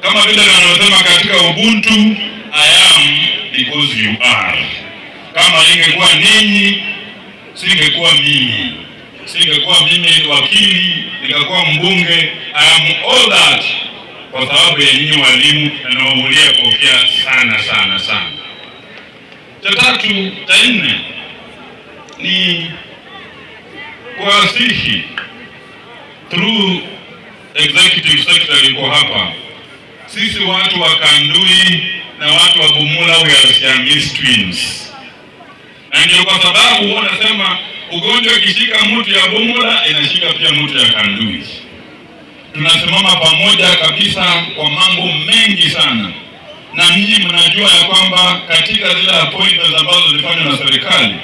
kama vile wanavyosema katika Ubuntu, I am because you are. Kama ingekuwa ninyi, singekuwa mimi, singekuwa mimi wakili, nikakuwa mbunge. I am all that kwa sababu ya nyinyi walimu, anawavulia kofia sana sana sana. Cha tatu, cha nne ni kuwasihi through executive secretary kwa hapa sisi watu wa Kandui na watu wa Bumula, we are Siamese twins. Na ndio kwa sababu nasema ugonjwa ikishika mtu ya Bumula inashika pia mtu ya Kandui. Tunasimama pamoja kabisa kwa mambo mengi sana, na ninyi mnajua ya kwamba katika zile appointments ambazo zilifanywa na serikali,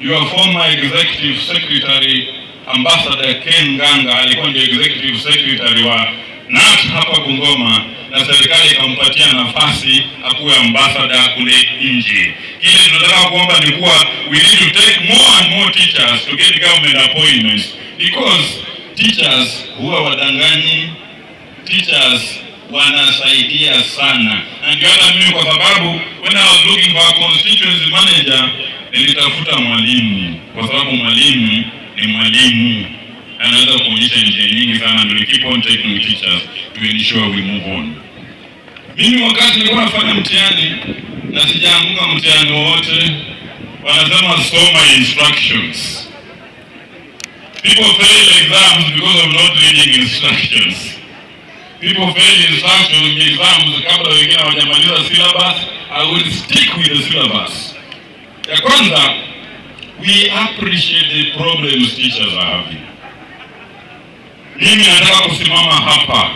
your former executive secretary ambassador Ken Ganga alikuwa ndio executive secretary wa hata hapa Bungoma na serikali ikampatia nafasi akuwe ambasada kule nje. Kile tunataka kuomba ni kuwa we need to take more and more teachers to get government appointments because teachers huwa wadanganyi, teachers wanasaidia sana, na ndio hata mimi kwa sababu when I was looking for a constituency manager nilitafuta mwalimu kwa sababu mwalimu ni mwalimu anaweza kuonyesha njia nyingi sana, ndio keep on taking teachers to ensure we move on. Mimi wakati nilikuwa nafanya mtihani na sijaanguka mtihani wowote, wanasema soma instructions. People fail exams because of not reading instructions. People fail instructions exams kabla wengine hawajamaliza syllabus. I will stick with the syllabus. Ya kwanza, we appreciate the problems teachers are having. Mimi nataka kusimama hapa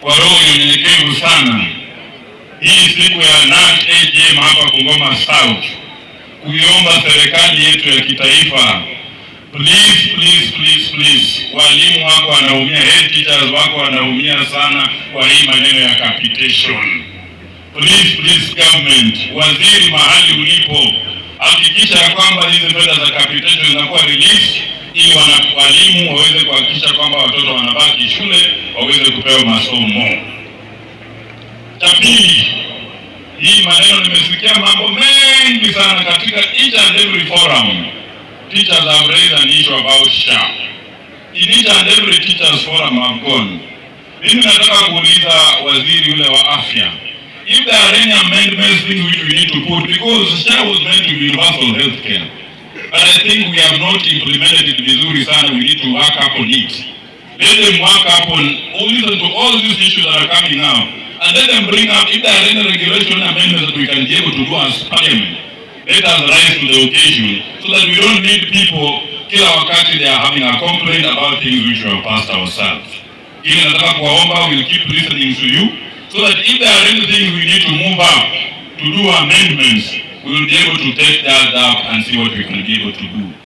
kwa roho unyenyekevu sana hii siku ya NACAGM hapa Bungoma South kuiomba serikali yetu ya kitaifa, please please please please, walimu wako wanaumia, head teachers wako wanaumia sana kwa hii maneno ya capitation. Please please government, waziri mahali ulipo, hakikisha kwamba hizi fedha za capitation zinakuwa released ili walimu waweze kuhakikisha kwamba watoto wanabaki shule waweze kupewa masomo. Cha pili, hii maneno nimesikia mambo mengi sana katika each and every forum. Teachers have raised an issue about SHA. In each and every teachers forum gone. Mimi nataka kuuliza waziri yule wa afya if there are any amendments which we need to put because SHA was meant to be universal But I think we have not implemented it vizuri sana. We need to work upon it. Let them work on all these, to all these issues that are coming now and let them bring up if there are any regulation amendments that we can be able to do as parliament. Let us rise to the occasion so that we don't need people kila wakati they are having a complaint about things which we have passed ourselves. Ili nataka kuwaomba, we'll keep listening to you so that if there are anything we need to move up to do amendments we will be able to take that up and see what we can be able to do.